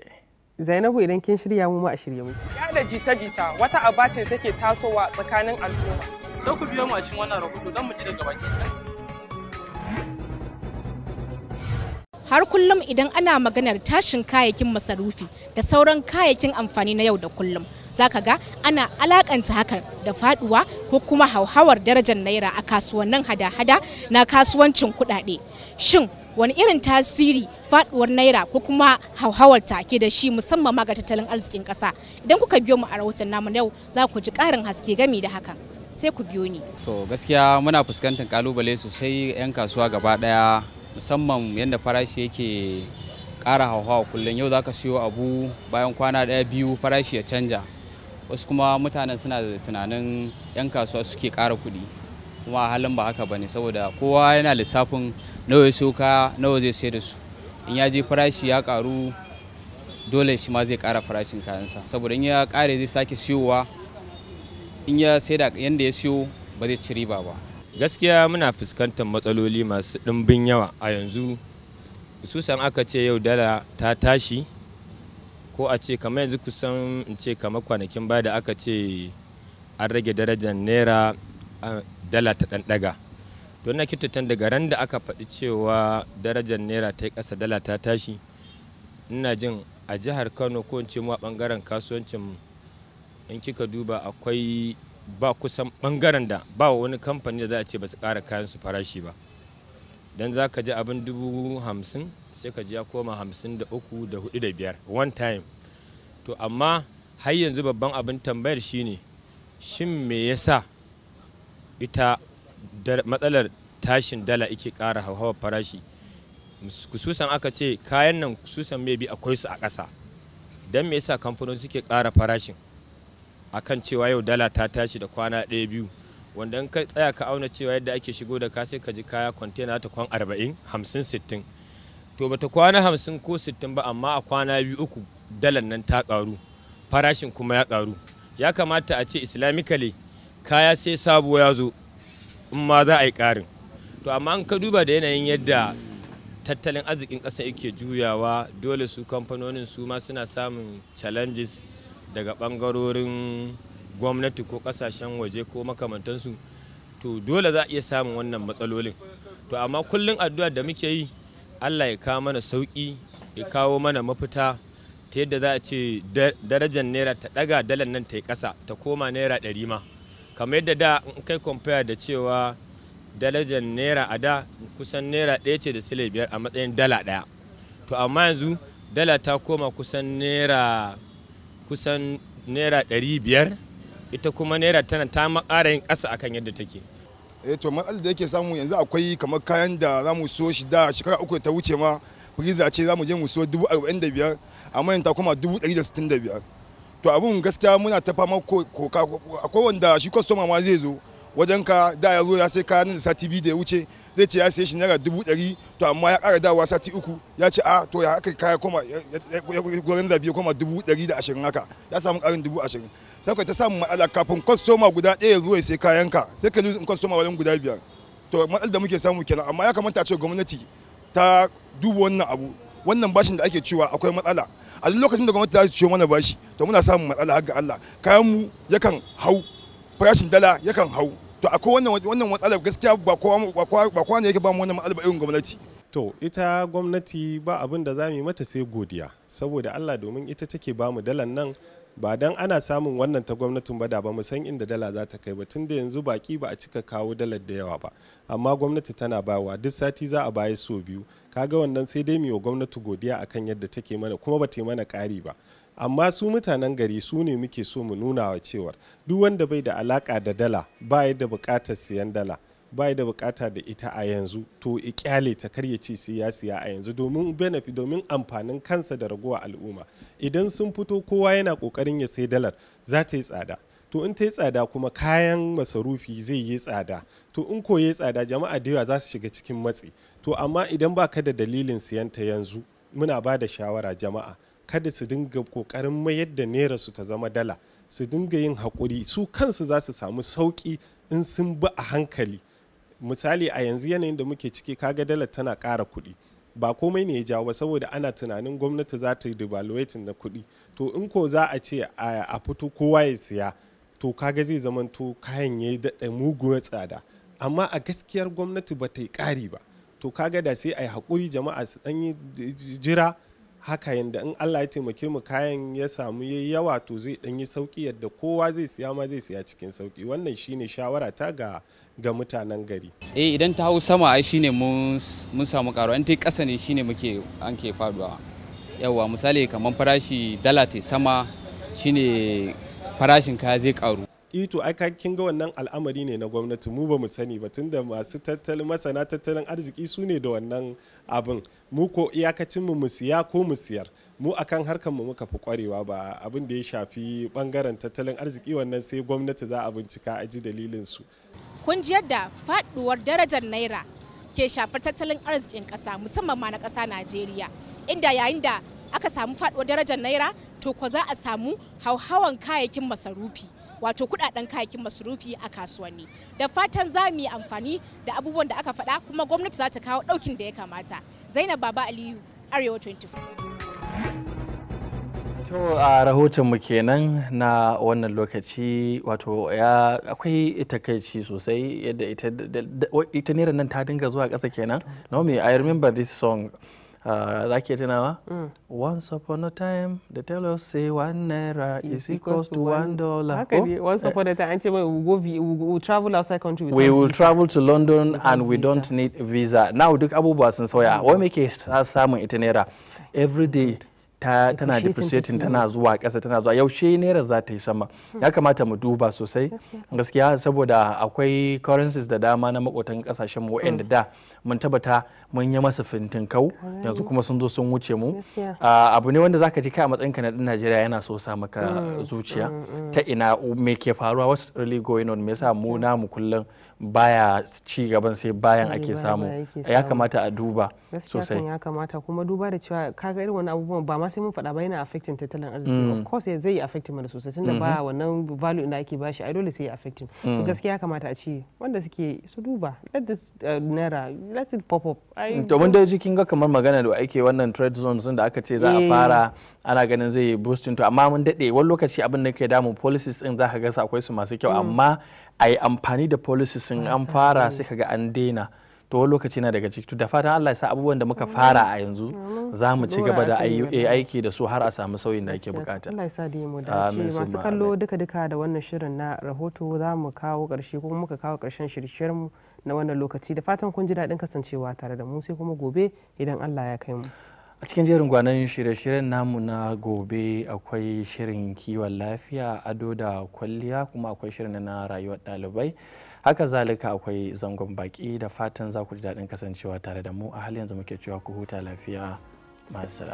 zainabu idan kin shirya mu ma a shirye muke ya da jita-jita wata aba take tasowa tsakanin al'umma har kullum idan ana maganar tashin kayayyakin masarufi da sauran kayayyakin amfani na yau da kullum zaka ga ana alakanta hakan da faduwa ko kuma hauhawar darajar naira a kasuwannin hada-hada na kasuwancin kudade shin wani irin tasiri faduwar naira ko kuma hauhawar take da shi musamman ma ga tattalin arzikin kasa idan kuka biyo mu a rahoton namu yau za ku ji ƙarin haske gami da hakan sai ku biyo ni. So gaskiya muna fuskantar kalubale sosai 'yan kasuwa gaba daya musamman yadda farashi yake ƙara hauhawa kullum yau za ka siyo abu bayan kwana daya biyu farashi ya canja wasu kuma mutanen suna da tunanin 'yan kasuwa suke kara kuɗi kuma halin ba haka bane saboda kowa yana lissafin nawa ya siyo kaya nawa zai sayar da su in ya je farashi ya karu dole shi ma zai kara farashin kayansa saboda in ya kare zai sake siyowa in ya sai da yanda ya siyo ba zai ci riba ba gaskiya muna fuskantar matsaloli masu ɗimbin yawa a yanzu hususan aka ce yau dala ta tashi ko a ce kamar yanzu kusan in ce kamar kwanakin baya da aka ce an rage darajar naira dala ta ɗanɗaga don na daga ran da aka faɗi cewa darajar naira ta yi ƙasa dala ta tashi ina jin a jihar kano ko in ce mu a ɓangaren kasuwancin mu. in kika duba akwai ba kusan bangaren da ba wani kamfani da za a ce ba su ƙara kayan su farashi ba don za ka ji abin dubu hamsin sai ka ji ya koma hamsin da uku da hudu da biyar one time to amma har yanzu babban abin tambayar shine shin me yasa ita matsalar tashin dala ike ƙara hauhawar farashi kususan aka ce kayan nan kususan bi akwai su a ƙasa don me yasa kamfanoni suke ƙara farashin akan cewa yau dala ta tashi da kwana ɗaya biyu wanda in ka tsaya ka auna cewa yadda ake shigo da ka sai ka ji kaya kwantena ta kwan arba'in hamsin sittin to bata kwana hamsin ko sittin ba amma a kwana biyu uku dalan nan ta karu farashin kuma ya karu ya kamata a ce islamically kaya sai sabo ya zo in ma za a yi karin to amma in ka duba da yanayin yadda tattalin arzikin ƙasa yake juyawa dole su kamfanonin su ma suna samun challenges daga bangarorin gwamnati ko ƙasashen waje ko makamantansu to dole za a iya samun wannan matsalolin to amma kullum addu'a da muke yi allah ya kawo mana sauki ya kawo mana mafita ta yadda za a ce darajar naira ta ɗaga dalar nan ta yi ƙasa ta koma naira ɗari ma kamar yadda da in kai kwamfaya da cewa darajar naira a da kusan naira ɗaya ce da sile biyar a matsayin dala ɗaya to amma yanzu dala ta koma kusan naira kusan naira ɗari biyar ita kuma naira tana ta makara yin ƙasa akan yadda take eh to matsalar da yake samu yanzu akwai kamar kayan da za mu so shi da shekara uku ta wuce ma firiza ce za mu je mu so dubu arba'in da biyar amma yanzu ta kuma dubu ɗari da sittin da biyar to abun gaskiya muna ta fama koka akwai wanda shi kwastoma ma zai zo wajen ka da ya zo ya sai kayan da sati biyu da ya wuce zai ce ya sai shi naira dubu ɗari to amma ya ƙara dawa sati uku ya ce a to ya haka kaya koma gurin zabi ya koma dubu ɗari da ashirin haka ya samu ƙarin dubu ashirin sai ka ta samu matsala kafin kwastoma guda ɗaya ya zo ya sai kayanka sai ka lusa kwastoma wajen guda biyar to matsalar da muke samu kenan amma ya kamata a ce gwamnati ta duba wannan abu wannan bashin da ake cewa akwai matsala a duk lokacin da gwamnati ta ciyo mana bashi to muna samun matsala har ga Allah kayan mu yakan hau farashin dala yakan hau to akwai wannan wannan matsalar gaskiya ba kowa ba kowa ne yake ba mu wannan matsalar irin gwamnati to ita gwamnati ba abin da zamu yi mata sai godiya saboda Allah domin ita take ba mu dalan nan ba dan ana samun wannan ta gwamnatin ba da ba mu san inda dala za ta kai ba tun da yanzu baki ba a cika kawo dalar da yawa ba amma gwamnati tana bayarwa duk sati za a baya so biyu kaga wannan sai dai mu wa gwamnati godiya akan yadda take mana kuma ba ta yi mana ƙari ba amma su mutanen gari su ne muke so mu nuna wa cewar duk wanda bai da alaka da dala ba ya da bukatar siyan dala ba ya da bukata da ita a yanzu to kyale ta karya ce sai ya siya a yanzu domin benefit domin amfanin kansa da raguwa al'umma idan sun fito kowa yana kokarin ya sai dalar za ta yi tsada to in ta yi tsada kuma kayan masarufi zai yi tsada to in ko yi tsada jama'a da yawa za su shiga cikin matsi to amma idan ba ka da dalilin siyan ta yanzu muna ba da shawara jama'a kada su dinga kokarin mayar da naira su ta zama dala su dinga yin hakuri su kansu za su samu sauƙi in sun bi a hankali misali a yanzu yanayin da muke ciki kaga dala tana ƙara kuɗi ba komai ne ya jawo saboda ana tunanin gwamnati za ta yi devaluating na kuɗi to in ko za a ce a fito kowa ya siya to kaga zai zamanto kayan ya yi daɗa muguwar tsada amma a gaskiyar gwamnati ba ta yi ƙari ba to kaga da sai a yi haƙuri jama'a su ɗan yi jira haka yadda in allah ya taimake mu kayan ya samu yayi yawa to zai dan yi sauki yadda kowa zai siya ma zai siya cikin sauki wannan shine shawara ta ga ga mutanen gari eh idan ta hau sama ai shine mun samu karo an tai kasa ne shine muke an ke faduwa yawa misali kamar farashi dala ta sama shine farashin kaya zai karu ito e, ai kin ga wannan al'amari ne na gwamnati mu ba mu sani ba tunda masu tattalin masana tattalin arziki su ne da wannan abin mu ko iyakacin mu mu siya ko mu siyar mu akan harkar mu muka fi kwarewa ba abin da ya shafi bangaren tattalin arziki wannan sai gwamnati za a bincika a ji dalilin su kun ji yadda faduwar darajar naira ke shafar tattalin arzikin kasa musamman ma na kasa Najeriya inda yayin da aka samu faduwar darajar naira to ko za a samu hauhawan kayayyakin masarufi wato kudaden kayakin masurufi a kasuwanni da fatan za mu yi amfani da abubuwan da aka faɗa kuma gwamnati za ta kawo ɗaukin da ya kamata zainab baba aliyu arewa 24 To a rahotonmu kenan na wannan lokaci wato ya akwai takaici sosai yadda ita nan ta dinga zuwa ƙasa kenan. Naomi, I remember this song. Ah, za ke tunawa mm. once upon a time the us say one naira is equals to one dollar haka ne oh. once upon a time an ce mai we will travel outside country we will travel to london and we don't need visa now duk abubuwa sun sauya mm. wai muke samun ita naira every day ta tana depreciating tana zuwa ƙasa tana zuwa yaushe naira za ta yi sama hmm. ya kamata mu duba sosai gaskiya saboda akwai currencies da dama na makotan kasashen mu mm. da mun tabbata mun yi masa fintin kau yanzu kuma sun zo sun wuce mu abu ne wanda zaka ji kai a matsayin ka na dan Najeriya yana so sa maka mm, mm, zuciya mm. ta ina me ke faruwa what's really going on me yasa mu na mu kullum baya ci gaban sai bayan eh, ake samu ya kamata a duba sosai ya kamata kuma duba da cewa kaga irin wani abubuwan ba ma sai mun faɗa ba yana affecting tattalin arziki of course zai yi affecting mana sosai tunda ba mm-hmm. wannan value da ake bashi ai dole sai yi affecting to gaskiya ya kamata a ci wanda suke su duba let this uh, naira let it pop up to da dai kin ga kamar magana da ake wannan trade zones da aka ce za a eh. fara ana ganin zai boostin to amma mun daɗe wani lokaci abin da ke damun policies din za ka ga akwai su masu kyau mm. amma a yi amfani da policies din an fara sai ka ga an daina to wani lokaci na daga ciki to da fatan Allah ya sa abubuwan da muka mm. fara a yanzu mm. za mu ci gaba da aiki da su har a samu sauyin da ake bukata. Allah ya sa da mu dace masu kallo duka-duka da wannan shirin na rahoto za mu kawo ƙarshe kuma muka kawo ƙarshen shirye-shiryen mu na wannan lokaci da fatan kun ji daɗin kasancewa tare da mu sai kuma gobe idan Allah ya kai mu. a cikin jerin gwanan shirye-shiryen namu na gobe akwai shirin kiwon lafiya ado da kwalliya kuma akwai shirin na rayuwar ɗalibai haka zalika akwai zangon baki da fatan za ku ji daɗin kasancewa tare da mu a halin yanzu muke cewa ku huta lafiya masu